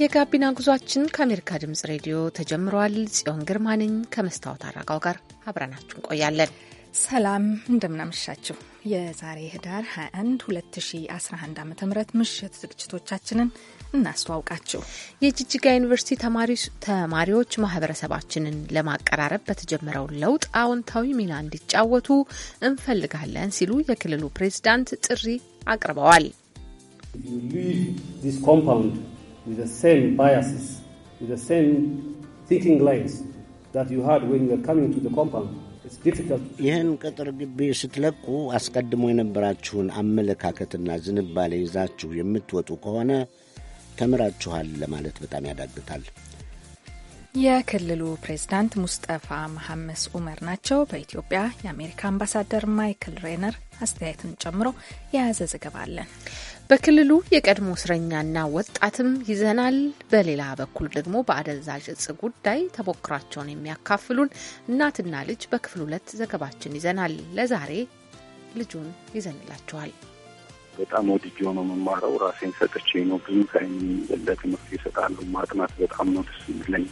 የጋቢና ጉዟችን ከአሜሪካ ድምጽ ሬዲዮ ተጀምሯል። ጽዮን ግርማ ነኝ ከመስታወት አረጋው ጋር አብረናችሁ እንቆያለን። ሰላም እንደምናመሻችሁ። የዛሬ ህዳር 21 2011 ዓ ም ምሽት ዝግጅቶቻችንን እናስተዋውቃችሁ። የጅጅጋ ዩኒቨርሲቲ ተማሪዎች ማህበረሰባችንን ለማቀራረብ በተጀመረው ለውጥ አዎንታዊ ሚና እንዲጫወቱ እንፈልጋለን ሲሉ የክልሉ ፕሬዝዳንት ጥሪ አቅርበዋል። with the same biases, with the same thinking lines that you had when you were coming to the compound. ይህን ቅጥር ግቢ ስትለቁ አስቀድሞ የነበራችሁን አመለካከትና ዝንባሌ ይዛችሁ የምትወጡ ከሆነ ተምራችኋል ለማለት በጣም ያዳግታል። የክልሉ ፕሬዝዳንት ሙስጠፋ መሐመስ ኡመር ናቸው። በኢትዮጵያ የአሜሪካ አምባሳደር ማይክል ሬነር አስተያየትን ጨምሮ የያዘ ዘገባ አለን። በክልሉ የቀድሞ እስረኛና ወጣትም ይዘናል። በሌላ በኩል ደግሞ በአደንዛዥ እጽ ጉዳይ ተሞክሯቸውን የሚያካፍሉን እናትና ልጅ በክፍል ሁለት ዘገባችን ይዘናል። ለዛሬ ልጁን ይዘንላችኋል። በጣም ወድጄ ነው የምማረው። ራሴን ሰጥቼ ነው ብዙ ታይም ለትምህርት ይሰጣሉ። ማጥናት በጣም ነው ደስ የሚለኝ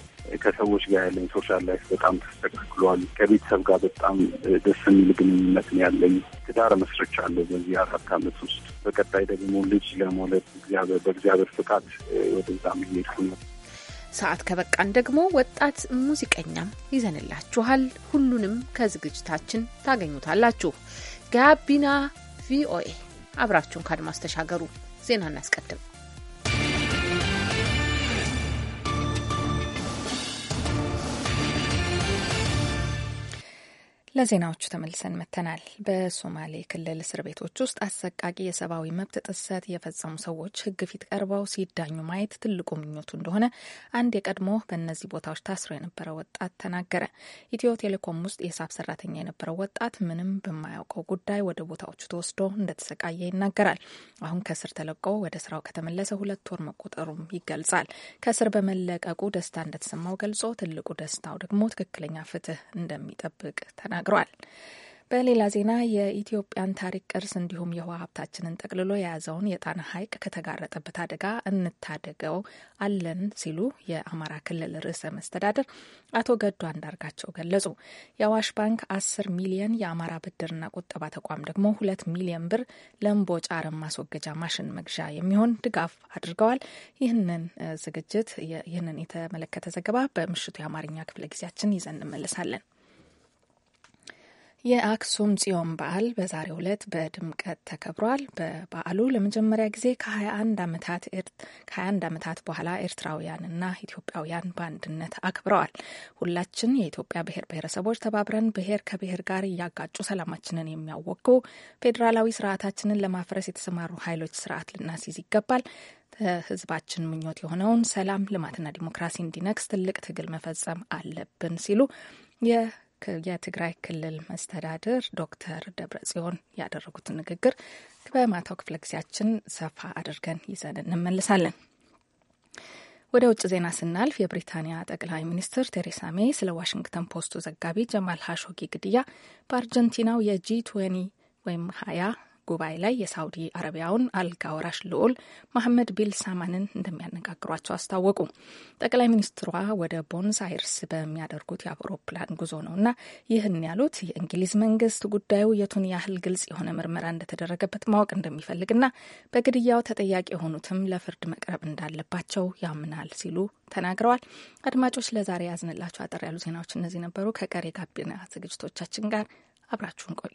ከሰዎች ጋር ያለኝ ሶሻል ላይፍ በጣም ተስተካክሏል። ከቤተሰብ ጋር በጣም ደስ የሚል ግንኙነት ነው ያለኝ። ትዳር መስርቻለሁ በዚህ አራት ዓመት ውስጥ። በቀጣይ ደግሞ ልጅ ለመውለድ በእግዚአብሔር ፍቃድ ወደዛም እየሄድኩ ነው። ሰዓት ከበቃን ደግሞ ወጣት ሙዚቀኛም ይዘንላችኋል። ሁሉንም ከዝግጅታችን ታገኙታላችሁ። ጋቢና ቪኦኤ አብራችሁን ከአድማስ ተሻገሩ። ዜና እናስቀድም። ለዜናዎቹ ተመልሰን መተናል። በሶማሌ ክልል እስር ቤቶች ውስጥ አሰቃቂ የሰብአዊ መብት ጥሰት የፈጸሙ ሰዎች ሕግ ፊት ቀርበው ሲዳኙ ማየት ትልቁ ምኞቱ እንደሆነ አንድ የቀድሞ በእነዚህ ቦታዎች ታስሮ የነበረ ወጣት ተናገረ። ኢትዮ ቴሌኮም ውስጥ የሂሳብ ሰራተኛ የነበረው ወጣት ምንም በማያውቀው ጉዳይ ወደ ቦታዎቹ ተወስዶ እንደተሰቃየ ይናገራል። አሁን ከእስር ተለቆ ወደ ስራው ከተመለሰ ሁለት ወር መቆጠሩም ይገልጻል። ከእስር በመለቀቁ ደስታ እንደተሰማው ገልጾ ትልቁ ደስታው ደግሞ ትክክለኛ ፍትህ እንደሚጠብቅ ተናግሯል። ተናግረዋል። በሌላ ዜና የኢትዮጵያን ታሪክ ቅርስ እንዲሁም የውሃ ሀብታችንን ጠቅልሎ የያዘውን የጣና ሐይቅ ከተጋረጠበት አደጋ እንታደገው አለን ሲሉ የአማራ ክልል ርዕሰ መስተዳደር አቶ ገዱ አንዳርጋቸው ገለጹ። የአዋሽ ባንክ አስር ሚሊየን የአማራ ብድርና ቁጠባ ተቋም ደግሞ ሁለት ሚሊየን ብር ለእምቦጭ አረም ማስወገጃ ማሽን መግዣ የሚሆን ድጋፍ አድርገዋል። ይህንን ዝግጅት ይህንን የተመለከተ ዘገባ በምሽቱ የአማርኛ ክፍለ ጊዜያችን ይዘን እንመለሳለን። የአክሱም ጽዮን በዓል በዛሬው ዕለት በድምቀት ተከብሯል። በበዓሉ ለመጀመሪያ ጊዜ ከ21 ዓመታት በኋላ ኤርትራውያንና ኢትዮጵያውያን በአንድነት አክብረዋል። ሁላችን የኢትዮጵያ ብሔር ብሔረሰቦች ተባብረን ብሔር ከብሔር ጋር እያጋጩ ሰላማችንን የሚያወቁ ፌዴራላዊ ስርዓታችንን ለማፍረስ የተሰማሩ ኃይሎች ስርዓት ልናስይዝ ይገባል። ህዝባችን ምኞት የሆነውን ሰላም ልማትና ዲሞክራሲ እንዲነግስ ትልቅ ትግል መፈጸም አለብን ሲሉ የትግራይ ክልል መስተዳድር ዶክተር ደብረ ጽዮን ያደረጉትን ንግግር በማታው ክፍለ ጊዜያችን ሰፋ አድርገን ይዘን እንመልሳለን። ወደ ውጭ ዜና ስናልፍ የብሪታንያ ጠቅላይ ሚኒስትር ቴሬሳ ሜይ ስለ ዋሽንግተን ፖስቱ ዘጋቢ ጀማል ሀሾጊ ግድያ በአርጀንቲናው የጂ ቱዌኒ ወይም ሀያ ጉባኤ ላይ የሳውዲ አረቢያውን አልጋ ወራሽ ልዑል መሐመድ ቢል ሳማንን እንደሚያነጋግሯቸው አስታወቁ። ጠቅላይ ሚኒስትሯ ወደ ቦንስ አይርስ በሚያደርጉት የአውሮፕላን ጉዞ ነውና ይህን ያሉት የእንግሊዝ መንግስት ጉዳዩ የቱን ያህል ግልጽ የሆነ ምርመራ እንደተደረገበት ማወቅ እንደሚፈልግና በግድያው ተጠያቂ የሆኑትም ለፍርድ መቅረብ እንዳለባቸው ያምናል ሲሉ ተናግረዋል። አድማጮች ለዛሬ ያዝንላቸው አጠር ያሉ ዜናዎች እነዚህ ነበሩ። ከቀሪ ጋቢና ዝግጅቶቻችን ጋር አብራችሁን ቆዩ።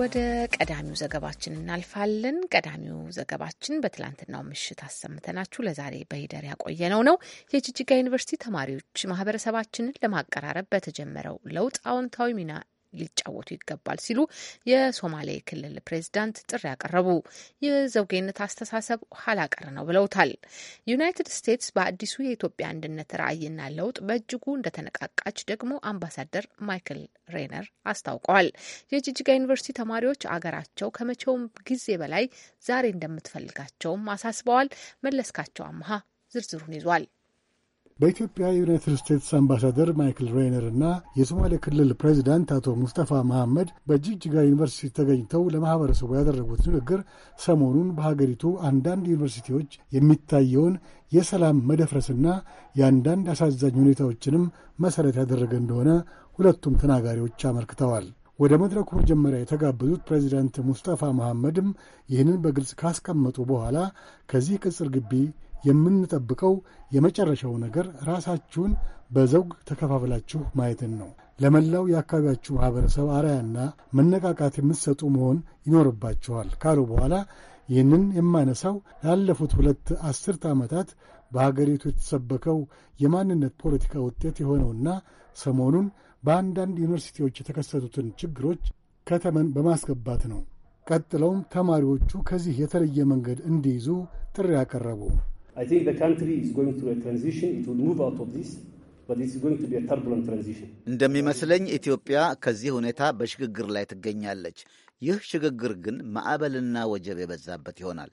ወደ ቀዳሚው ዘገባችን እናልፋለን። ቀዳሚው ዘገባችን በትላንትናው ምሽት አሰምተናችሁ ለዛሬ በሂደር ያቆየነው ነው። የጅጅጋ ዩኒቨርሲቲ ተማሪዎች ማህበረሰባችንን ለማቀራረብ በተጀመረው ለውጥ አዎንታዊ ሚና ሊጫወቱ ይገባል ሲሉ የሶማሌ ክልል ፕሬዚዳንት ጥሪ ያቀረቡ የዘውጌነት አስተሳሰብ ኋላቀር ነው ብለውታል። ዩናይትድ ስቴትስ በአዲሱ የኢትዮጵያ አንድነት ራዕይና ለውጥ በእጅጉ እንደተነቃቃች ደግሞ አምባሳደር ማይክል ሬነር አስታውቀዋል። የጅጅጋ ዩኒቨርሲቲ ተማሪዎች አገራቸው ከመቼውም ጊዜ በላይ ዛሬ እንደምትፈልጋቸውም አሳስበዋል። መለስካቸው አምሃ ዝርዝሩን ይዟል። በኢትዮጵያ የዩናይትድ ስቴትስ አምባሳደር ማይክል ሬይነር እና የሶማሌ ክልል ፕሬዚዳንት አቶ ሙስጠፋ መሐመድ በጅግጅጋ ዩኒቨርሲቲ ተገኝተው ለማህበረሰቡ ያደረጉት ንግግር ሰሞኑን በሀገሪቱ አንዳንድ ዩኒቨርሲቲዎች የሚታየውን የሰላም መደፍረስና የአንዳንድ አሳዛኝ ሁኔታዎችንም መሠረት ያደረገ እንደሆነ ሁለቱም ተናጋሪዎች አመልክተዋል። ወደ መድረኩ መጀመሪያ የተጋበዙት ፕሬዚዳንት ሙስጠፋ መሐመድም ይህንን በግልጽ ካስቀመጡ በኋላ ከዚህ ቅጽር ግቢ የምንጠብቀው የመጨረሻው ነገር ራሳችሁን በዘውግ ተከፋፍላችሁ ማየትን ነው። ለመላው የአካባቢያችሁ ማኅበረሰብ አርያና መነቃቃት የምትሰጡ መሆን ይኖርባችኋል ካሉ በኋላ ይህንን የማነሳው ላለፉት ሁለት አስርተ ዓመታት በሀገሪቱ የተሰበከው የማንነት ፖለቲካ ውጤት የሆነውና ሰሞኑን በአንዳንድ ዩኒቨርሲቲዎች የተከሰቱትን ችግሮች ከተመን በማስገባት ነው። ቀጥለውም ተማሪዎቹ ከዚህ የተለየ መንገድ እንዲይዙ ጥሪ ያቀረቡ እንደሚመስለኝ ኢትዮጵያ ከዚህ ሁኔታ በሽግግር ላይ ትገኛለች። ይህ ሽግግር ግን ማዕበልና ወጀብ የበዛበት ይሆናል።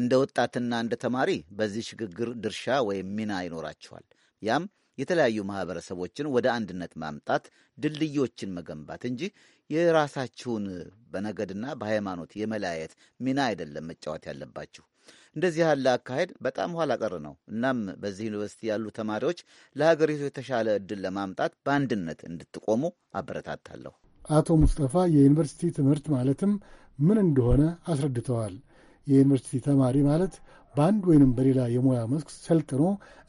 እንደ ወጣትና እንደ ተማሪ በዚህ ሽግግር ድርሻ ወይም ሚና ይኖራቸዋል። ያም የተለያዩ ማህበረሰቦችን ወደ አንድነት ማምጣት፣ ድልድዮችን መገንባት እንጂ የራሳችሁን በነገድና በሃይማኖት የመለያየት ሚና አይደለም መጫወት ያለባችሁ። እንደዚህ ያለ አካሄድ በጣም ኋላ ቀር ነው። እናም በዚህ ዩኒቨርሲቲ ያሉ ተማሪዎች ለሀገሪቱ የተሻለ እድል ለማምጣት በአንድነት እንድትቆሙ አበረታታለሁ። አቶ ሙስጠፋ የዩኒቨርሲቲ ትምህርት ማለትም ምን እንደሆነ አስረድተዋል። የዩኒቨርሲቲ ተማሪ ማለት በአንድ ወይንም በሌላ የሙያ መስክ ሰልጥኖ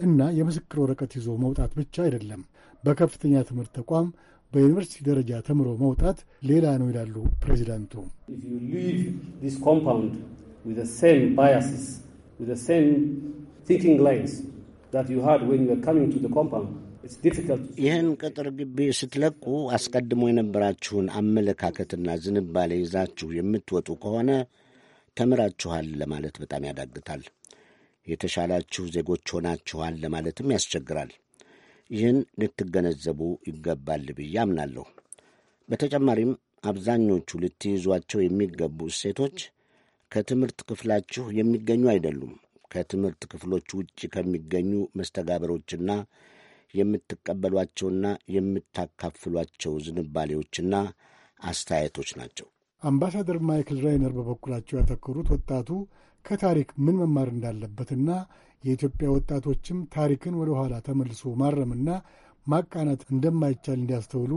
እና የምስክር ወረቀት ይዞ መውጣት ብቻ አይደለም። በከፍተኛ ትምህርት ተቋም በዩኒቨርሲቲ ደረጃ ተምሮ መውጣት ሌላ ነው ይላሉ ፕሬዚዳንቱ። ይህን ቅጥር ግቢ ስትለቁ አስቀድሞ የነበራችሁን አመለካከትና ዝንባሌ ይዛችሁ የምትወጡ ከሆነ ተምራችኋል ለማለት በጣም ያዳግታል። የተሻላችሁ ዜጎች ሆናችኋል ለማለትም ያስቸግራል። ይህን ልትገነዘቡ ይገባል ብዬ አምናለሁ። በተጨማሪም አብዛኞቹ ልትይዟቸው የሚገቡ እሴቶች ከትምህርት ክፍላችሁ የሚገኙ አይደሉም። ከትምህርት ክፍሎች ውጭ ከሚገኙ መስተጋበሮችና የምትቀበሏቸውና የምታካፍሏቸው ዝንባሌዎችና አስተያየቶች ናቸው። አምባሳደር ማይክል ራይነር በበኩላቸው ያተኮሩት ወጣቱ ከታሪክ ምን መማር እንዳለበትና የኢትዮጵያ ወጣቶችም ታሪክን ወደ ኋላ ተመልሶ ማረምና ማቃናት እንደማይቻል እንዲያስተውሉ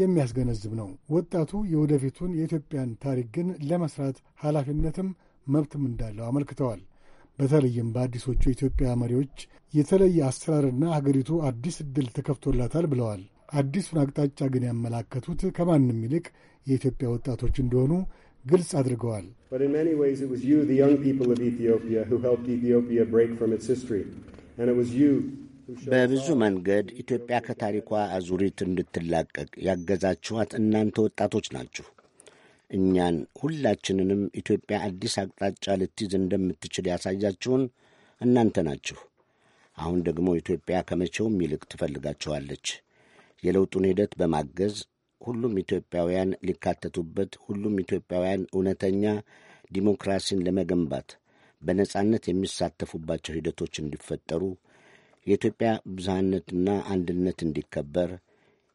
የሚያስገነዝብ ነው። ወጣቱ የወደፊቱን የኢትዮጵያን ታሪክ ግን ለመስራት ኃላፊነትም መብትም እንዳለው አመልክተዋል። በተለይም በአዲሶቹ የኢትዮጵያ መሪዎች የተለየ አሰራርና ሀገሪቱ አዲስ ዕድል ተከፍቶላታል ብለዋል። አዲሱን አቅጣጫ ግን ያመላከቱት ከማንም ይልቅ የኢትዮጵያ ወጣቶች እንደሆኑ ግልጽ አድርገዋል። በብዙ መንገድ ኢትዮጵያ ከታሪኳ አዙሪት እንድትላቀቅ ያገዛችኋት እናንተ ወጣቶች ናችሁ። እኛን ሁላችንንም ኢትዮጵያ አዲስ አቅጣጫ ልትይዝ እንደምትችል ያሳያችሁን እናንተ ናችሁ። አሁን ደግሞ ኢትዮጵያ ከመቼውም ይልቅ ትፈልጋችኋለች። የለውጡን ሂደት በማገዝ ሁሉም ኢትዮጵያውያን ሊካተቱበት፣ ሁሉም ኢትዮጵያውያን እውነተኛ ዲሞክራሲን ለመገንባት በነጻነት የሚሳተፉባቸው ሂደቶች እንዲፈጠሩ፣ የኢትዮጵያ ብዝሃነትና አንድነት እንዲከበር፣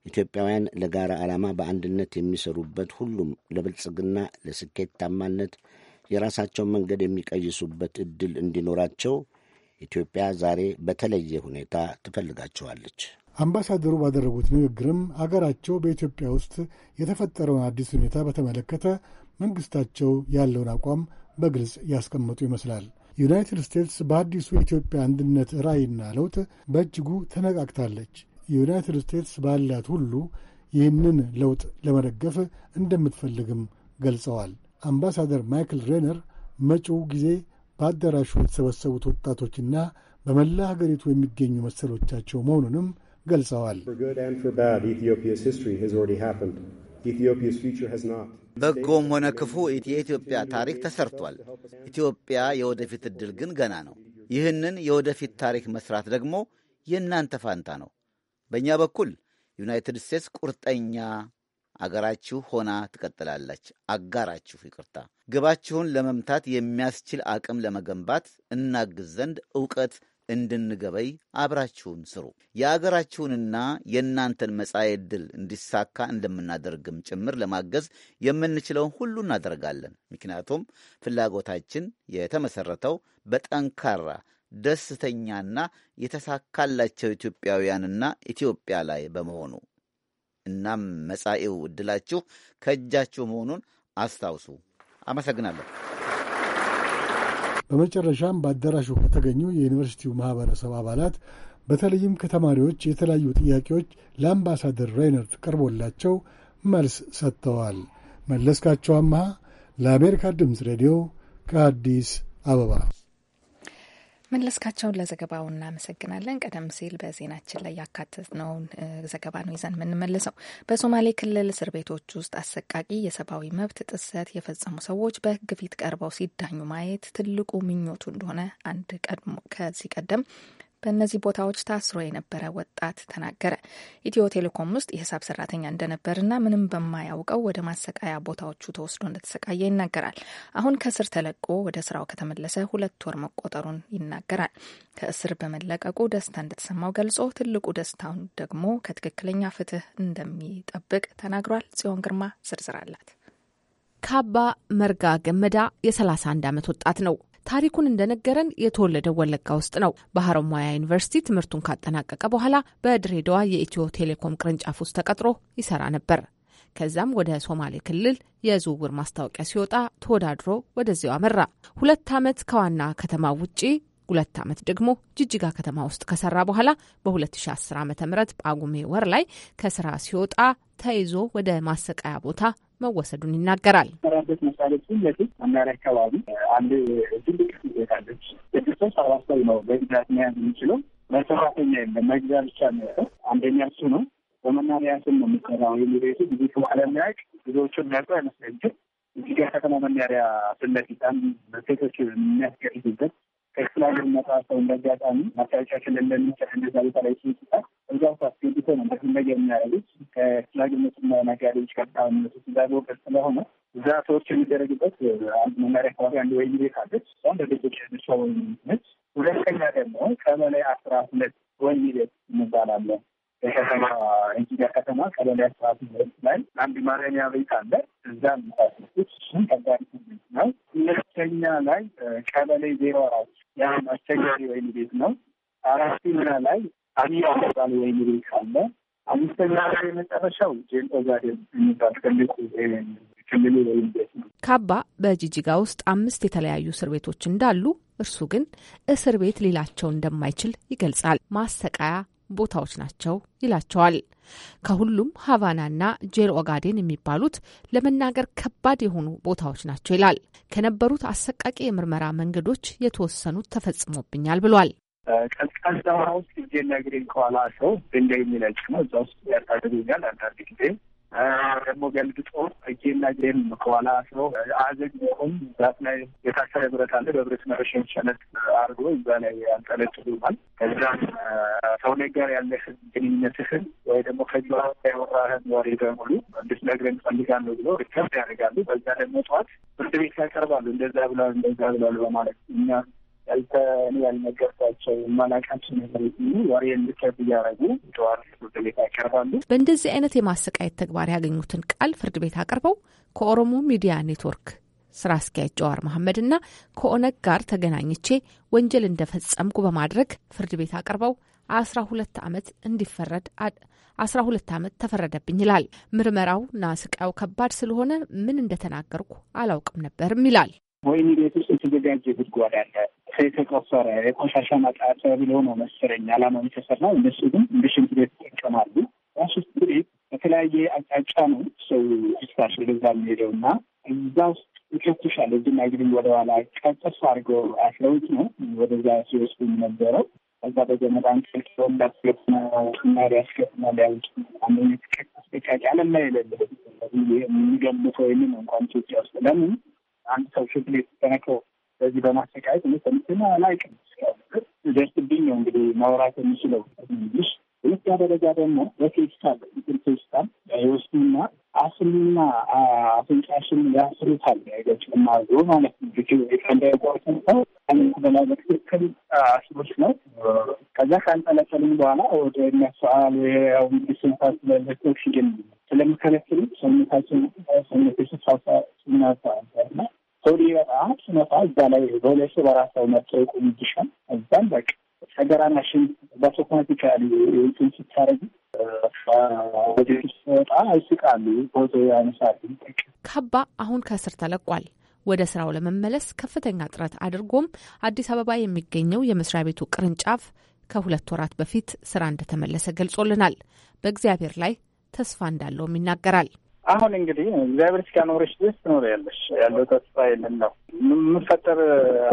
ኢትዮጵያውያን ለጋራ ዓላማ በአንድነት የሚሰሩበት፣ ሁሉም ለብልጽግና ለስኬታማነት የራሳቸውን መንገድ የሚቀይሱበት ዕድል እንዲኖራቸው ኢትዮጵያ ዛሬ በተለየ ሁኔታ ትፈልጋቸዋለች። አምባሳደሩ ባደረጉት ንግግርም አገራቸው በኢትዮጵያ ውስጥ የተፈጠረውን አዲስ ሁኔታ በተመለከተ መንግስታቸው ያለውን አቋም በግልጽ ያስቀመጡ ይመስላል። ዩናይትድ ስቴትስ በአዲሱ የኢትዮጵያ አንድነት ራዕይና ለውጥ በእጅጉ ተነቃቅታለች። የዩናይትድ ስቴትስ ባላት ሁሉ ይህንን ለውጥ ለመደገፍ እንደምትፈልግም ገልጸዋል። አምባሳደር ማይክል ሬነር መጪው ጊዜ በአዳራሹ የተሰበሰቡት ወጣቶችና በመላ ሀገሪቱ የሚገኙ መሰሎቻቸው መሆኑንም ገልጸዋል። በጎም ሆነ ክፉ የኢትዮጵያ ታሪክ ተሰርቷል። ኢትዮጵያ የወደፊት ዕድል ግን ገና ነው። ይህንን የወደፊት ታሪክ መስራት ደግሞ የእናንተ ፋንታ ነው። በእኛ በኩል ዩናይትድ ስቴትስ ቁርጠኛ አገራችሁ ሆና ትቀጥላለች። አጋራችሁ፣ ይቅርታ፣ ግባችሁን ለመምታት የሚያስችል አቅም ለመገንባት እናግዝ ዘንድ እውቀት እንድንገበይ አብራችሁን ስሩ። የአገራችሁንና የእናንተን መጻኤ ዕድል እንዲሳካ እንደምናደርግም ጭምር ለማገዝ የምንችለውን ሁሉ እናደርጋለን። ምክንያቱም ፍላጎታችን የተመሠረተው በጠንካራ ደስተኛና የተሳካላቸው ኢትዮጵያውያንና ኢትዮጵያ ላይ በመሆኑ እናም መጻኤው ዕድላችሁ ከእጃችሁ መሆኑን አስታውሱ። አመሰግናለሁ። በመጨረሻም በአዳራሹ ከተገኙ የዩኒቨርሲቲው ማህበረሰብ አባላት በተለይም ከተማሪዎች የተለያዩ ጥያቄዎች ለአምባሳደር ሬይነርት ቀርቦላቸው መልስ ሰጥተዋል። መለስካቸው አምሃ ለአሜሪካ ድምፅ ሬዲዮ ከአዲስ አበባ መለስካቸውን ለዘገባው እናመሰግናለን። ቀደም ሲል በዜናችን ላይ ያካተትነውን ዘገባ ነው ይዘን የምንመለሰው። በሶማሌ ክልል እስር ቤቶች ውስጥ አሰቃቂ የሰብአዊ መብት ጥሰት የፈጸሙ ሰዎች በሕግ ፊት ቀርበው ሲዳኙ ማየት ትልቁ ምኞቱ እንደሆነ አንድ ከዚህ ቀደም በእነዚህ ቦታዎች ታስሮ የነበረ ወጣት ተናገረ። ኢትዮ ቴሌኮም ውስጥ የሂሳብ ሰራተኛ እንደነበርና ምንም በማያውቀው ወደ ማሰቃያ ቦታዎቹ ተወስዶ እንደተሰቃየ ይናገራል። አሁን ከእስር ተለቆ ወደ ስራው ከተመለሰ ሁለት ወር መቆጠሩን ይናገራል። ከእስር በመለቀቁ ደስታ እንደተሰማው ገልጾ ትልቁ ደስታውን ደግሞ ከትክክለኛ ፍትህ እንደሚጠብቅ ተናግሯል። ጽዮን ግርማ ዝርዝር አላት። ካባ መርጋ ገመዳ የ31 ዓመት ወጣት ነው። ታሪኩን እንደነገረን የተወለደው ወለጋ ውስጥ ነው። በሀረማያ ዩኒቨርሲቲ ትምህርቱን ካጠናቀቀ በኋላ በድሬዳዋ የኢትዮ ቴሌኮም ቅርንጫፍ ውስጥ ተቀጥሮ ይሰራ ነበር። ከዛም ወደ ሶማሌ ክልል የዝውውር ማስታወቂያ ሲወጣ ተወዳድሮ ወደዚያው አመራ። ሁለት ዓመት ከዋና ከተማ ውጪ ሁለት ዓመት ደግሞ ጅጅጋ ከተማ ውስጥ ከሰራ በኋላ በ2010 ዓ ም ጳጉሜ ወር ላይ ከስራ ሲወጣ ተይዞ ወደ ማሰቃያ ቦታ መወሰዱን ይናገራል። ራበት መሳሌ ፊት ለፊት መናሪያ አካባቢ አንድ ትልቅ ቤት አለች። ቤተሰብ ሰባት ሰው ነው በግዛት መያዝ የሚችለው። መሰራተኛ የለም መግዛ ብቻ ነው። አንደኛ እሱ ነው። በመናሪያ ስም ነው የሚሰራው። ቤቱ ብዙ ሰው አለሚያቅ ብዙዎቹ የሚያውቁ አይመስለኝም። ግን እዚጋ ከተማ መናሪያ ፊት ለፊት ሴቶች የሚያስገድዱበት ከክፍለ መጣ ሰው እንዳጋጣሚ ማስታወቂያ ክልል ለሚቻል እንደዛ ቦታ ላይ ሲጣ እዛው ውስጥ ነው እንደዚህ ነገር የሚያደርጉት ከክፍለ ሀገር መጡና ነጋዴዎች ከጣሚነቱ ዛሬ ስለሆነ እዛ ሰዎች የሚደረግበት አንድ መመሪያ አካባቢ አንድ ወይ ቤት አለች። አንድ ደቶች ሰው ነች። ሁለተኛ ደግሞ ቀበሌ አስራ ሁለት ወይ ቤት እንባላለን የከተማ እንጂዳ ከተማ ቀበሌ አስራት ላይ አንድ ማረሚያ ቤት አለ። እዛ ሳቶች እሱም ከባድ ስሜት ነው። ሁለተኛ ላይ ቀበሌ ዜሮ አራት ያም አስቸጋሪ ወይን ቤት ነው። አራት ምና ላይ አብይ አባባል ወይን ቤት አለ። አምስተኛ ላይ የመጨረሻው ጄንጦ ጋርደን የሚባል ትልቁ ክልሉ ወይን ቤት ነው። ካባ በጂጂጋ ውስጥ አምስት የተለያዩ እስር ቤቶች እንዳሉ እርሱ ግን እስር ቤት ሌላቸው እንደማይችል ይገልጻል። ማሰቃያ ቦታዎች ናቸው ይላቸዋል። ከሁሉም ሀቫናና ጄል ኦጋዴን የሚባሉት ለመናገር ከባድ የሆኑ ቦታዎች ናቸው ይላል። ከነበሩት አሰቃቂ የምርመራ መንገዶች የተወሰኑት ተፈጽሞብኛል ብሏል። ቀዝቃዛ ውሃ ውስጥ እጄና እግሬን ከኋላ ሰው እንደ የሚነጭ ነው። እዛ ውስጥ ያታደጉኛል። አንዳንድ ጊዜ ደግሞ ገልግጦ እጄና እግሬን ከኋላ ስሮ አዘግም ዛት ላይ የታሰረ ብረት አለ። በብረት መረሻ ሸነት አድርጎ እዛ ላይ አንጠለጥሉማል። ከዛም ሰውነት ጋር ያለህን ግንኙነትህን ወይ ደግሞ ከዚ ያወራህን ወሬ በሙሉ እንድትነግረን ፈልጋለሁ ብሎ ሪከርድ ያደርጋሉ። በዛ ደግሞ ጠዋት ፍርድ ቤት ያቀርባሉ። እንደዛ ብሏል፣ እንደዛ ብሏል በማለት እኛ ያልተ ያልነገርኳቸው ማላቃቸው ነገሮች ወሬ እንድከብ እያደረጉ ጠዋር ፍርድ ቤት ያቀርባሉ። በእንደዚህ አይነት የማሰቃየት ተግባር ያገኙትን ቃል ፍርድ ቤት አቅርበው ከኦሮሞ ሚዲያ ኔትወርክ ስራ አስኪያጅ ጀዋር መሐመድ እና ከኦነግ ጋር ተገናኝቼ ወንጀል እንደፈጸምኩ በማድረግ ፍርድ ቤት አቅርበው አስራ ሁለት ዓመት እንዲፈረድ አስራ ሁለት ዓመት ተፈረደብኝ ይላል። ምርመራውና ስቃዩ ከባድ ስለሆነ ምን እንደተናገርኩ አላውቅም ነበርም ይላል። ወይኒ ቤት ውስጥ የተዘጋጀ ጉድጓድ አለ። የተቆፈረ የቆሻሻ ማቃጠያ ብለው ነው መሰለኝ አላማው የተሰራው። እነሱ ግን እንደ ሽንት ቤት ይጠቀማሉ። ራሱ ቤት በተለያየ አቅጣጫ ነው ሰው ስታሽ ወደዛ የሚሄደው እና እዛ ውስጥ ይከቱሻል። እዚህም ግድም ወደኋላ ቀጠፍ አድርገው አስረውት ነው ወደዛ ሲወስዱ የነበረው። ከዛ በገመድ አንጠልጥ ወንዳት ገጥመው ሊያውጭ አንደኛ ቀጠፍ ደቃቂ አለም ላይ የሌለ የሚገምተው ወይም እንኳን ኢትዮጵያ ውስጥ ለምን አንድ ሰው ሽት ቤት ተነክሮ በዚህ በማሰቃየት እኔ ሰምቼና አላውቅም። ደርስብኝ ነው እንግዲህ ማውራት የሚችለው እንግሊሽ። ሁለተኛ ደረጃ ደግሞ በፌስታል ፌስታል ይወስዱና አስሉና አፍንጫሽን ያስሩታል። አይገጭም አድርጎ ማለት ነው። እንዳይቆርሰው በላይ በትክክል አስሮች ነው። ከዛ ካንጠለጠሉም በኋላ ወደ የሚያሰል ስንፋት ስለምከለክሉ ሰውነታችን ሰውነት ስፋ ስናሳ ና ሰው ሊመጣ ሲመጣ እዛ ላይ በሁለሱ ሰው መጥቶ ሰው ይሻል ይቆምብሻል። እዛም በቃ ሀገራናሽን በቶማቲካሊ እንትን ስታረጉ ወደ ሲወጣ አይስቃሉ፣ ፎቶ ያነሳሉ። ካባ አሁን ከእስር ተለቋል። ወደ ስራው ለመመለስ ከፍተኛ ጥረት አድርጎም አዲስ አበባ የሚገኘው የመስሪያ ቤቱ ቅርንጫፍ ከሁለት ወራት በፊት ስራ እንደተመለሰ ገልጾልናል። በእግዚአብሔር ላይ ተስፋ እንዳለውም ይናገራል። አሁን እንግዲህ እግዚአብሔር እስኪያኖርሽ ድረስ ትኖሪያለሽ ያለው ተስፋ የለን ነው የምንፈጠር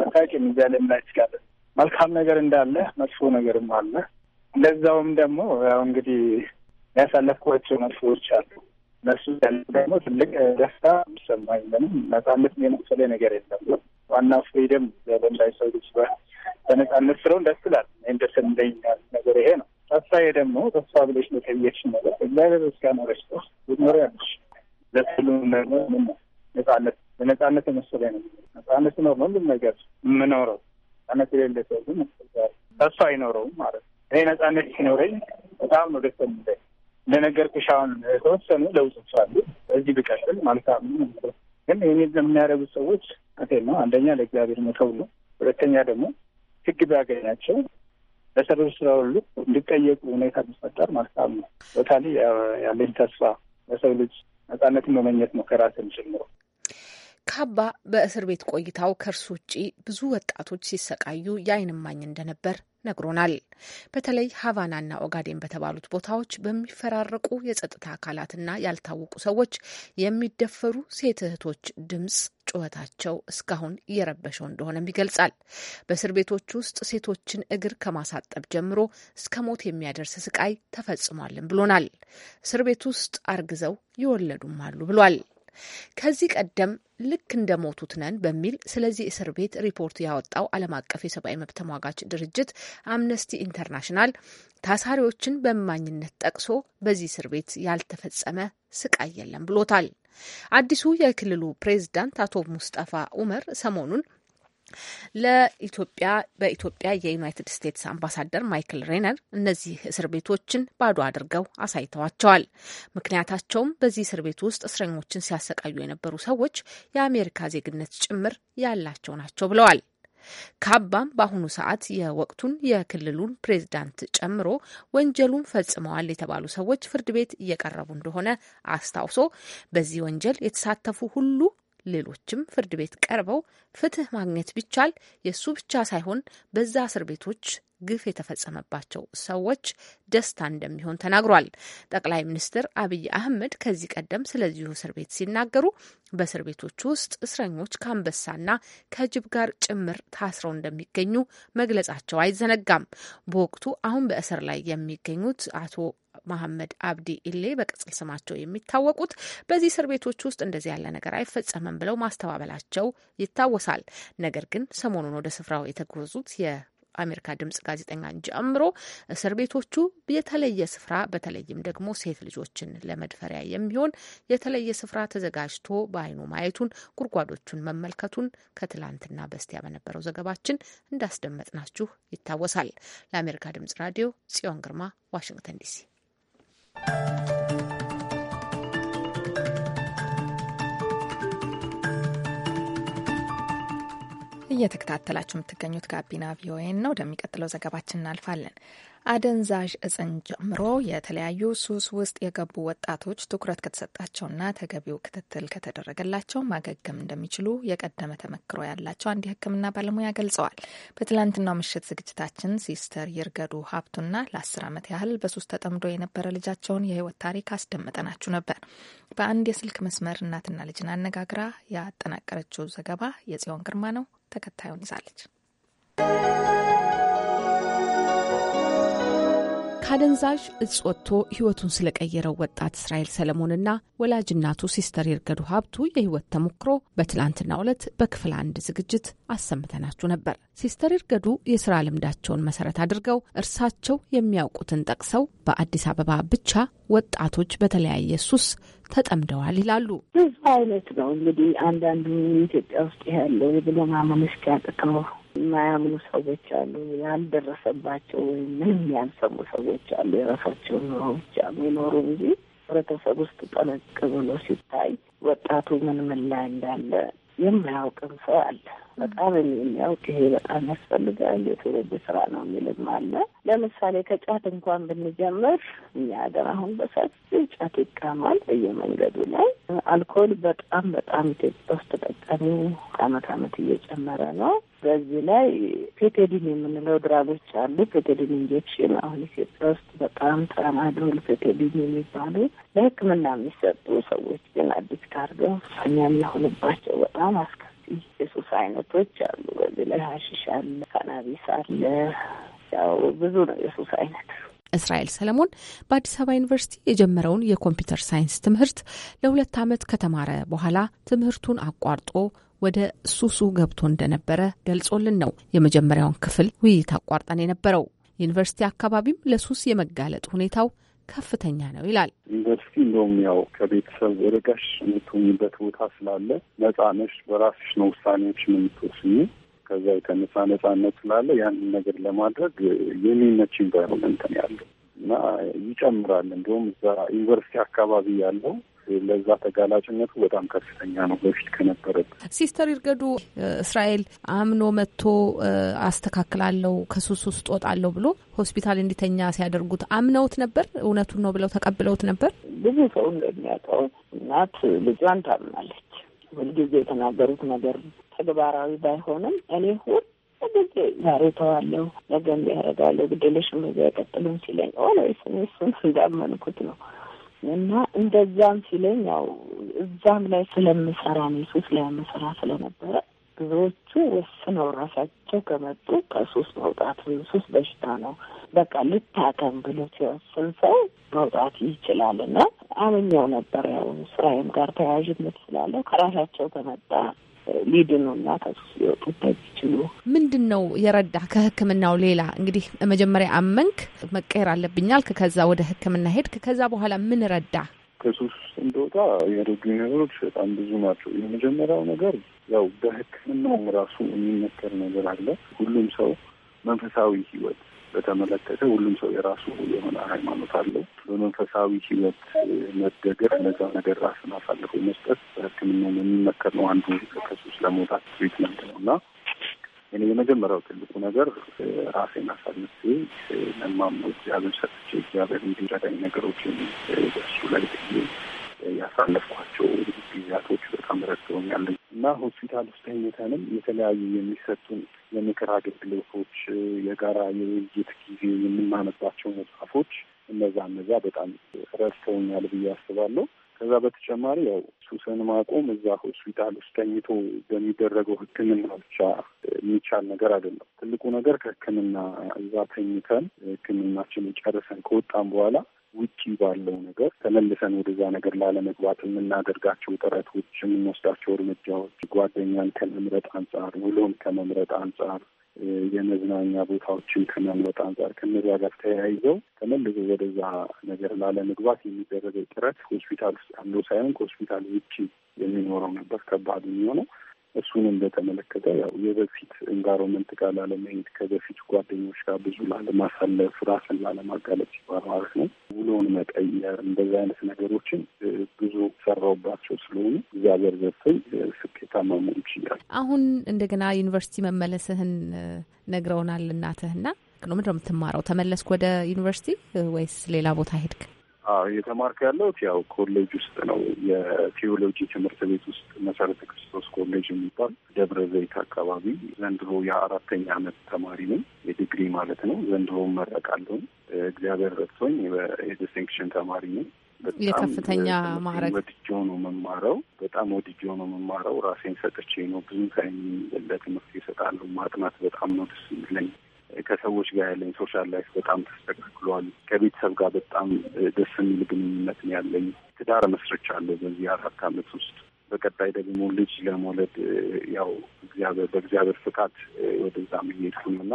አታውቂም። እዚያ ለም ላይ እስካለ መልካም ነገር እንዳለ መጥፎ ነገርም አለ። ለዛውም ደግሞ ያው እንግዲህ ያሳለፍኳቸው መጥፎዎች አሉ። እነሱ ያለ ደግሞ ትልቅ ደስታ የሚሰማኝ ምንም ነጻነት የመሰለ ነገር የለም። ዋና ፍሪደም ለም ላይ ሰው ልጅ በነጻነት ስለሆን ደስ ይላል። ይም ደስ እንደኛል ነገር ይሄ ነው። ተስፋዬ ደግሞ ተስፋ ብለሽ ነው ከየሽ ነገር እግዚአብሔር እስኪያኖረሽ ድረስ ትኖሪያለሽ ለሁሉም ነገር ነጻነት በነጻነት መሰለኝ ነው። ነጻነት ነው ሁሉም ነገር የምኖረው። ነጻነት የሌለ ሰው ግን ተስፋ አይኖረውም ማለት ነው። እኔ ነጻነት ሲኖረኝ በጣም ነው ደስ የሚለኝ። እንደነገርኩሽ አሁን የተወሰኑ ለውጦች አሉ። እዚህ ብቀጥል ማለት ነው። ግን ይህን ለምናደርጉት ሰዎች እቴ ነው አንደኛ ለእግዚአብሔር መተው ነው። ሁለተኛ ደግሞ ህግ ቢያገኛቸው ለሰሩ ስራ ሁሉ እንዲጠየቁ ሁኔታ ቢፈጠር መልካም ነው። ቦታ ያለኝ ተስፋ ለሰው ልጅ ነጻነትን መመኘት ነው ከራስን ጀምሮ ካባ በእስር ቤት ቆይታው ከእርሱ ውጪ ብዙ ወጣቶች ሲሰቃዩ የአይን እማኝ እንደነበር ነግሮናል። በተለይ ሀቫናና ኦጋዴን በተባሉት ቦታዎች በሚፈራረቁ የጸጥታ አካላትና ያልታወቁ ሰዎች የሚደፈሩ ሴት እህቶች ድምጽ ጩኸታቸው እስካሁን እየረበሸው እንደሆነም ይገልጻል። በእስር ቤቶች ውስጥ ሴቶችን እግር ከማሳጠብ ጀምሮ እስከ ሞት የሚያደርስ ስቃይ ተፈጽሟልን ብሎናል። እስር ቤት ውስጥ አርግዘው ይወለዱም አሉ ብሏል። ከዚህ ቀደም ልክ እንደ ሞቱት ነን በሚል ስለዚህ እስር ቤት ሪፖርት ያወጣው ዓለም አቀፍ የሰብአዊ መብት ተሟጋች ድርጅት አምነስቲ ኢንተርናሽናል ታሳሪዎችን በማኝነት ጠቅሶ በዚህ እስር ቤት ያልተፈጸመ ስቃይ የለም ብሎታል። አዲሱ የክልሉ ፕሬዝዳንት አቶ ሙስጠፋ ኡመር ሰሞኑን ለኢትዮጵያ በኢትዮጵያ የዩናይትድ ስቴትስ አምባሳደር ማይክል ሬነር እነዚህ እስር ቤቶችን ባዶ አድርገው አሳይተዋቸዋል። ምክንያታቸውም በዚህ እስር ቤት ውስጥ እስረኞችን ሲያሰቃዩ የነበሩ ሰዎች የአሜሪካ ዜግነት ጭምር ያላቸው ናቸው ብለዋል። ካባም በአሁኑ ሰዓት የወቅቱን የክልሉን ፕሬዝዳንት ጨምሮ ወንጀሉን ፈጽመዋል የተባሉ ሰዎች ፍርድ ቤት እየቀረቡ እንደሆነ አስታውሶ በዚህ ወንጀል የተሳተፉ ሁሉ ሌሎችም ፍርድ ቤት ቀርበው ፍትህ ማግኘት ቢቻል የእሱ ብቻ ሳይሆን በዛ እስር ቤቶች ግፍ የተፈጸመባቸው ሰዎች ደስታ እንደሚሆን ተናግሯል። ጠቅላይ ሚኒስትር አብይ አህመድ ከዚህ ቀደም ስለዚሁ እስር ቤት ሲናገሩ በእስር ቤቶች ውስጥ እስረኞች ከአንበሳና ከጅብ ጋር ጭምር ታስረው እንደሚገኙ መግለጻቸው አይዘነጋም። በወቅቱ አሁን በእስር ላይ የሚገኙት አቶ መሐመድ አብዲ ኢሌ በቅጽል ስማቸው የሚታወቁት በዚህ እስር ቤቶች ውስጥ እንደዚህ ያለ ነገር አይፈጸምም ብለው ማስተባበላቸው ይታወሳል። ነገር ግን ሰሞኑን ወደ ስፍራው የተጓዙት የአሜሪካ ድምጽ ጋዜጠኛን ጨምሮ እስር ቤቶቹ የተለየ ስፍራ በተለይም ደግሞ ሴት ልጆችን ለመድፈሪያ የሚሆን የተለየ ስፍራ ተዘጋጅቶ በአይኑ ማየቱን ጉድጓዶቹን መመልከቱን ከትላንትና በስቲያ በነበረው ዘገባችን እንዳስደመጥናችሁ ይታወሳል። ለአሜሪካ ድምጽ ራዲዮ ጽዮን ግርማ ዋሽንግተን ዲሲ እየተከታተላችሁ የምትገኙት ጋቢና ቪኦኤን ነው። ወደሚቀጥለው ዘገባችን እናልፋለን። አደንዛዥ እጽን ጨምሮ የተለያዩ ሱስ ውስጥ የገቡ ወጣቶች ትኩረት ከተሰጣቸውና ተገቢው ክትትል ከተደረገላቸው ማገገም እንደሚችሉ የቀደመ ተመክሮ ያላቸው አንድ የሕክምና ባለሙያ ገልጸዋል። በትላንትናው ምሽት ዝግጅታችን ሲስተር ይርገዱ ሀብቱና ለአስር ዓመት ያህል በሱስ ተጠምዶ የነበረ ልጃቸውን የህይወት ታሪክ አስደመጠናችሁ ነበር። በአንድ የስልክ መስመር እናትና ልጅን አነጋግራ ያጠናቀረችው ዘገባ የጽዮን ግርማ ነው። ተከታዩን ይዛለች። ካደንዛዥ እጽ ወጥቶ ሕይወቱን ስለቀየረው ወጣት እስራኤል ሰለሞንና ወላጅናቱ ሲስተር ይርገዱ ሀብቱ የሕይወት ተሞክሮ በትላንትና ዕለት በክፍል አንድ ዝግጅት አሰምተናችሁ ነበር። ሲስተር ይርገዱ የስራ ልምዳቸውን መሰረት አድርገው እርሳቸው የሚያውቁትን ጠቅሰው በአዲስ አበባ ብቻ ወጣቶች በተለያየ ሱስ ተጠምደዋል ይላሉ። ብዙ አይነት ነው እንግዲህ አንዳንዱ ኢትዮጵያ ውስጥ ያለው መመስኪያ ጠቅመው የማያምኑ ሰዎች አሉ፣ ያልደረሰባቸው ወይም ምንም ያልሰሙ ሰዎች አሉ። የራሳቸውን ኑሮ ብቻ የሚኖሩ እንጂ ህብረተሰብ ውስጥ ጠለቅ ብሎ ሲታይ ወጣቱ ምን ምን ላይ እንዳለ የማያውቅም ሰው አለ። በጣም የሚያውቅ ይሄ በጣም ያስፈልጋል የትውልድ ስራ ነው የሚልም አለ። ለምሳሌ ከጫት እንኳን ብንጀምር እኛ ሀገር አሁን በሰፊ ጫት ይቀማል በየመንገዱ ላይ። አልኮል በጣም በጣም ኢትዮጵያ ውስጥ ተጠቃሚው ከአመት አመት እየጨመረ ነው። በዚህ ላይ ፔቴዲን የምንለው ድራጎች አሉ። ፔቴዲን ኢንጀክሽን አሁን ኢትዮጵያ ውስጥ በጣም ትራማዶል፣ ፔቴዲን የሚባሉ ለሕክምና የሚሰጡ ሰዎች ግን አዲስ ካርገው ሰኛም የሆንባቸው በጣም አስከ የሱስ አይነቶች አሉ። በዚህ ላይ ሀሺሽ አለ፣ ካናቢስ አለ። ያው ብዙ ነው የሱስ አይነት። እስራኤል ሰለሞን በአዲስ አበባ ዩኒቨርሲቲ የጀመረውን የኮምፒውተር ሳይንስ ትምህርት ለሁለት ዓመት ከተማረ በኋላ ትምህርቱን አቋርጦ ወደ ሱሱ ገብቶ እንደነበረ ገልጾልን ነው የመጀመሪያውን ክፍል ውይይት አቋርጠን የነበረው። ዩኒቨርሲቲ አካባቢም ለሱስ የመጋለጥ ሁኔታው ከፍተኛ ነው ይላል። ዩኒቨርሲቲ እንደውም ያው ከቤተሰብ ርቀሽ የምትሆኝበት ቦታ ስላለ ነጻነሽ፣ በራስሽ ነው ውሳኔዎች የምትወስኝ። ከዛ የተነሳ ነጻነት ስላለ ያንን ነገር ለማድረግ የሚመች ኢንቫይሮመንት ነው ያለው እና ይጨምራል። እንደውም እዛ ዩኒቨርሲቲ አካባቢ ያለው ለዛ ተጋላጭነቱ በጣም ከፍተኛ ነው በፊት ከነበረበት። ሲስተር ይርገዱ እስራኤል አምኖ መጥቶ አስተካክላለሁ ከሱስ ውስጥ ወጣለሁ ብሎ ሆስፒታል እንዲተኛ ሲያደርጉት አምነውት ነበር? እውነቱን ነው ብለው ተቀብለውት ነበር? ብዙ ሰው እንደሚያውቀው እናት ልጇን ታምናለች። ሁልጊዜ የተናገሩት ነገር ተግባራዊ ባይሆንም እኔ ሁል ጊዜ ዛሬ ተዋለሁ ነገ እንዲያደርጋለሁ ግደለሽ መዚ አይቀጥልም ሲለኝ ኦላይስ እሱን እንዳመንኩት ነው እና እንደዛም ሲለኝ ያው እዛም ላይ ስለምሰራ ነው ሱስ ላይ የምሰራ ስለነበረ ብዙዎቹ ወስነው ራሳቸው ከመጡ ከሱስ መውጣት ወይም ሱስ በሽታ ነው፣ በቃ ልታከም ብሎ ሲወስን ሰው መውጣት ይችላል። እና አምኛው ነበር ያው ስራዬም ጋር ተያያዥነት ስላለው ከራሳቸው ከመጣ እና ከሱ ሊወጡበት ይችሉ። ምንድን ነው የረዳ? ከህክምናው ሌላ እንግዲህ መጀመሪያ አመንክ፣ መቀየር አለብኛል። ከዛ ወደ ህክምና ሄድክ። ከዛ በኋላ ምን ረዳ? ከሱስ እንደወጣ የረዱ ነገሮች በጣም ብዙ ናቸው። የመጀመሪያው ነገር ያው በህክምናው ራሱ የሚመከር ነገር አለ። ሁሉም ሰው መንፈሳዊ ህይወት በተመለከተ ሁሉም ሰው የራሱ የሆነ ሃይማኖት አለው። በመንፈሳዊ ህይወት መደገፍ፣ ለዛ ነገር ራስን አሳልፎ መስጠት በሕክምና የሚመከር ነው። አንዱ ከሱስ ለመውጣት ትሪትመንት ነው እና እኔ የመጀመሪያው ትልቁ ነገር ራሴን አሳልፌ ለማምኖ እግዚአብሔር ሰጥቼ እግዚአብሔር እንዲረዳኝ ነገሮችን በሱ ላይ ጥዬ ያሳለፍኳቸው ጊዜያቶች በጣም ረድተውኛል እና ሆስፒታል ውስጥ ተኝተንም የተለያዩ የሚሰጡን የምክር አገልግሎቶች፣ የጋራ የውይይት ጊዜ የምናነባቸው መጽሐፎች እነዛ እነዛ በጣም ረድተውኛል ብዬ አስባለሁ። ከዛ በተጨማሪ ያው ሱስን ማቆም እዛ ሆስፒታል ውስጥ ተኝቶ በሚደረገው ሕክምና ብቻ የሚቻል ነገር አይደለም። ትልቁ ነገር ከሕክምና እዛ ተኝተን ሕክምናችንን ጨርሰን ከወጣም በኋላ ውጪ ባለው ነገር ተመልሰን ወደዛ ነገር ላለመግባት የምናደርጋቸው ጥረቶች፣ የምንወስዳቸው እርምጃዎች ጓደኛን ከመምረጥ አንጻር፣ ውሎን ከመምረጥ አንጻር የመዝናኛ ቦታዎችን ከመምረጥ አንጻር ከነዚያ ጋር ተያይዘው ተመልሶ ወደዛ ነገር ላለመግባት የሚደረገው ጥረት ሆስፒታል ውስጥ ያለው ሳይሆን ከሆስፒታል ውጪ የሚኖረው ነበር ከባድ የሚሆነው። እሱን እንደተመለከተ ያው የበፊት ኤንቫይሮንመንት ጋር ላለመሄድ ከበፊት ጓደኞች ጋር ብዙ ላለማሳለፍ ራስን ላለማጋለጥ ሲባል ማለት ነው። ውሎን መቀየር እንደዚህ አይነት ነገሮችን ብዙ ሰራውባቸው ስለሆኑ እግዚአብሔር ዘሰኝ ስኬታማ መሆን ይችላል። አሁን እንደገና ዩኒቨርሲቲ መመለስህን ነግረውናል እናትህና ነው ነው የምትማረው? ተመለስክ ወደ ዩኒቨርሲቲ ወይስ ሌላ ቦታ ሄድክ? አዎ እየተማርክ ያለሁት ያው ኮሌጅ ውስጥ ነው። የቴዎሎጂ ትምህርት ቤት ውስጥ መሰረተ ክርስቶስ ኮሌጅ የሚባል ደብረ ዘይት አካባቢ። ዘንድሮ የአራተኛ አመት ተማሪ ነኝ፣ የዲግሪ ማለት ነው። ዘንድሮ እመረቃለሁ። እግዚአብሔር ረድቶኝ የዲስቲንክሽን ተማሪ ነኝ። የከፍተኛ ማዕረግ ወድጄው ነው መማረው። በጣም ወድጄው ነው መማረው። ራሴን ሰጥቼ ነው ብዙ ታይም ለትምህርት ይሰጣሉ። ማጥናት በጣም ነው ደስ የሚለኝ። ከሰዎች ጋር ያለኝ ሶሻል ላይፍ በጣም ተስተካክሏል። ከቤተሰብ ጋር በጣም ደስ የሚል ግንኙነት ያለኝ፣ ትዳር መስርቻለሁ በዚህ አራት አመት ውስጥ። በቀጣይ ደግሞ ልጅ ለመውለድ ያው እግዚአብሔር በእግዚአብሔር ፍቃድ ወደዛ መሄድኩኝ እና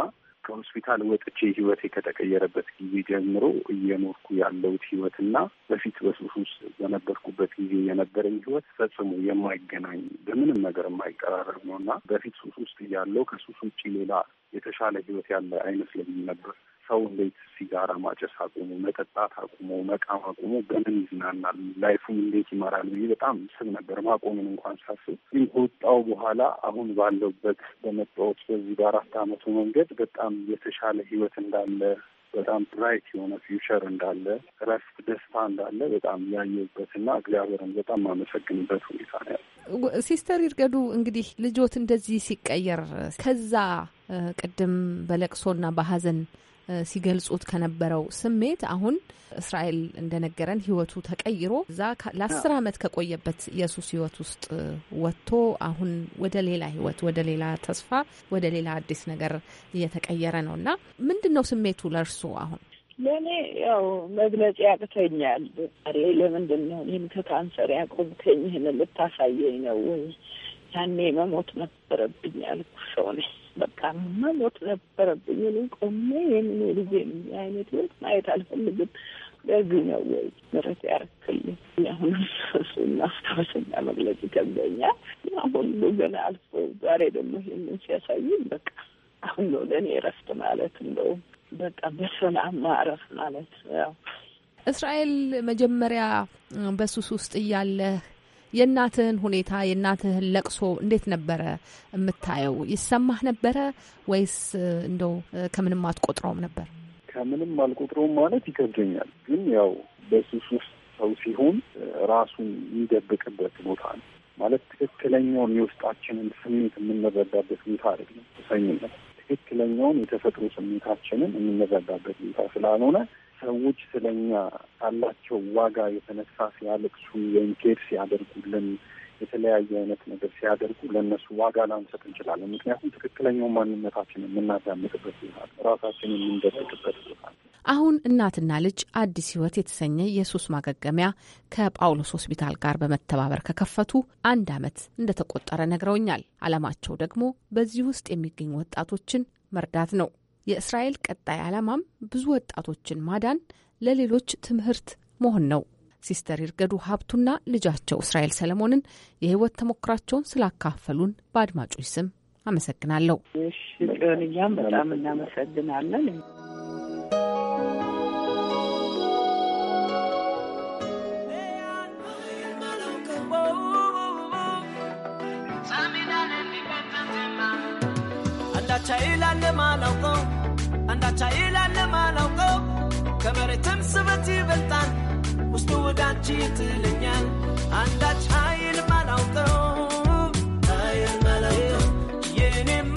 ከሆስፒታል ወጥቼ ህይወቴ ከተቀየረበት ጊዜ ጀምሮ እየኖርኩ ያለሁት ህይወትና በፊት በሱስ ውስጥ በነበርኩበት ጊዜ የነበረኝ ህይወት ፈጽሞ የማይገናኝ በምንም ነገር የማይቀራረብ ነው እና በፊት ሱስ ውስጥ እያለው ከሱስ ውጭ ሌላ የተሻለ ህይወት ያለ አይመስለኝም ነበር። ሰው እንዴት ሲጋራ ማጨስ አቁሙ፣ መጠጣት አቁሙ፣ መቃም አቁሙ፣ በምን ይዝናናል፣ ላይፉን እንዴት ይመራል ብዬ በጣም ስብ ነበር ማቆምን እንኳን ሳስብ። ግን ከወጣው በኋላ አሁን ባለውበት በመጣሁት በዚህ በአራት አመቱ መንገድ በጣም የተሻለ ህይወት እንዳለ በጣም ብራይት የሆነ ፊውቸር እንዳለ እረፍት፣ ደስታ እንዳለ በጣም ያየሁበትና እግዚአብሔርን በጣም ማመሰግንበት ሁኔታ ነው ያለው። ሲስተር ይርገዱ እንግዲህ ልጆት እንደዚህ ሲቀየር ከዛ ቅድም በለቅሶና በሀዘን ሲገልጹት ከነበረው ስሜት አሁን እስራኤል እንደነገረን ህይወቱ ተቀይሮ እዛ ለአስር አመት ከቆየበት የሱስ ህይወት ውስጥ ወጥቶ አሁን ወደ ሌላ ህይወት፣ ወደ ሌላ ተስፋ፣ ወደ ሌላ አዲስ ነገር እየተቀየረ ነው እና ምንድን ነው ስሜቱ ለእርሱ አሁን? ለእኔ ያው መግለጽ ያቅተኛል። ዛሬ ለምንድን ነው እኔም ከካንሰር ያቆምከኝህን ልታሳየኝ ነው ወይ? ያኔ መሞት ነበረብኝ ያልኩ ሰው ነኝ። በቃ መሞት ነበረብኝ። እኔ ቆሜ የምን ልዜ አይነት ህይወት ማየት አልፈልግም። ለዚህ ነው ወይ ምረት ያርክልኝ። አሁን እሱን ማስታወስና መግለጽ ይከብደኛል። ሁሉ ገና አልፎ ዛሬ ደግሞ ይህንን ሲያሳይም በቃ አሁን ነው ለእኔ እረፍት ማለት እንደውም በቃ በሰላም ማረፍ ማለት ያው እስራኤል መጀመሪያ በሱስ ውስጥ እያለህ የእናትህን ሁኔታ የእናትህን ለቅሶ እንዴት ነበረ የምታየው? ይሰማህ ነበረ ወይስ እንደው ከምንም አትቆጥረውም ነበር? ከምንም አልቆጥረውም ማለት ይከብደኛል። ግን ያው በሱስ ውስጥ ሰው ሲሆን ራሱን የሚደብቅበት ቦታ ነው ማለት ትክክለኛውን የውስጣችንን ስሜት የምንረዳበት ሁኔታ አይደለም። ሰኝነት ትክክለኛውን የተፈጥሮ ስሜታችንን የምንረዳበት ቦታ ስላልሆነ ሰዎች ስለኛ ካላቸው ዋጋ የተነሳ ሲያለቅሱ ወይም ኬር ሲያደርጉልን የተለያየ አይነት ነገር ሲያደርጉ ለእነሱ ዋጋ ላንሰጥ እንችላለን። ምክንያቱም ትክክለኛው ማንነታችን የምናዳምጥበት ቦታ ራሳችን የምንደብቅበት ቦታ አሁን እናትና ልጅ አዲስ ህይወት የተሰኘ የሱስ ማገገሚያ ከጳውሎስ ሆስፒታል ጋር በመተባበር ከከፈቱ አንድ አመት እንደተቆጠረ ነግረውኛል። አለማቸው ደግሞ በዚህ ውስጥ የሚገኙ ወጣቶችን መርዳት ነው። የእስራኤል ቀጣይ ዓላማም ብዙ ወጣቶችን ማዳን፣ ለሌሎች ትምህርት መሆን ነው። ሲስተር ይርገዱ ሀብቱና ልጃቸው እስራኤል ሰለሞንን የህይወት ተሞክራቸውን ስላካፈሉን በአድማጮች ስም አመሰግናለሁ። እሺ፣ በጣም እናመሰግናለን። ይላል ማላውቀው አንዳቻ ይላል ማላውቀው ከመሬትም ስበት ይበልጣል ውስጡ ወዳንቺ ትለኛል አንዳች ኃይል ማላውቀው ኃይል ማላውቀው የኔማ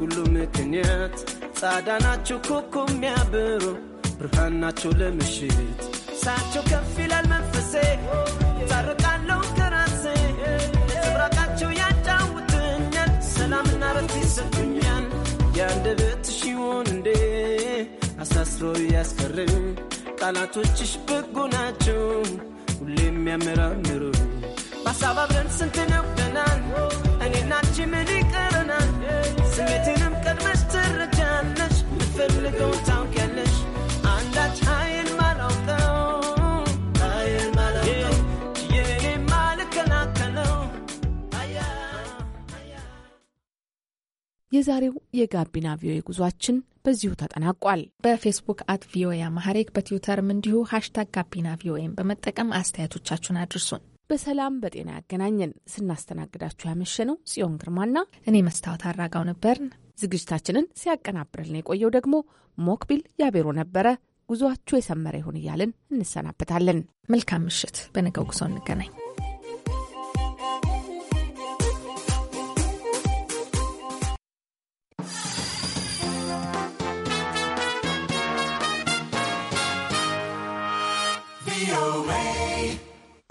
ሁሉ ምክንያት ጻዳ ናቸው ኮኮ የሚያብሩ ብርሃን ናቸው ለምሽት ሳቸው ከፍ ይላል መንፈሴ ታርቃለሁ ከራሴ ስብራቃቸው ያጫውትኛል ሰላምና ረፍት ይሰጡኛል የአንደበት ሺሆን እንዴ አሳስሮ ያስፈርም ቃላቶችሽ በጎ ናቸው ሁሌ የሚያመራምሩ በሀሳብ አብረን ስንት ነውደናል እኔና አንቺ ምን ይቀረናል? ቀድመሽ ትረጃለሽ። ታውቂያለሽ። አንዳች ኃይል ማላውቀው የኔ ማልከላከለው የዛሬው የጋቢና ቪኦኤ ጉዟችን በዚሁ ተጠናቋል። በፌስቡክ አት ቪኦኤ አማሐሬክ በትዊተርም እንዲሁ ሀሽታግ ጋቢና ቪኦኤም በመጠቀም አስተያየቶቻችሁን አድርሱን። በሰላም በጤና ያገናኘን። ስናስተናግዳችሁ ያመሸነው ጽዮን ግርማና እኔ መስታወት አራጋው ነበርን። ዝግጅታችንን ሲያቀናብርልን የቆየው ደግሞ ሞክቢል ያቤሮ ነበረ። ጉዟችሁ የሰመረ ይሁን እያልን እንሰናበታለን። መልካም ምሽት። በነገው ጉዞ እንገናኝ።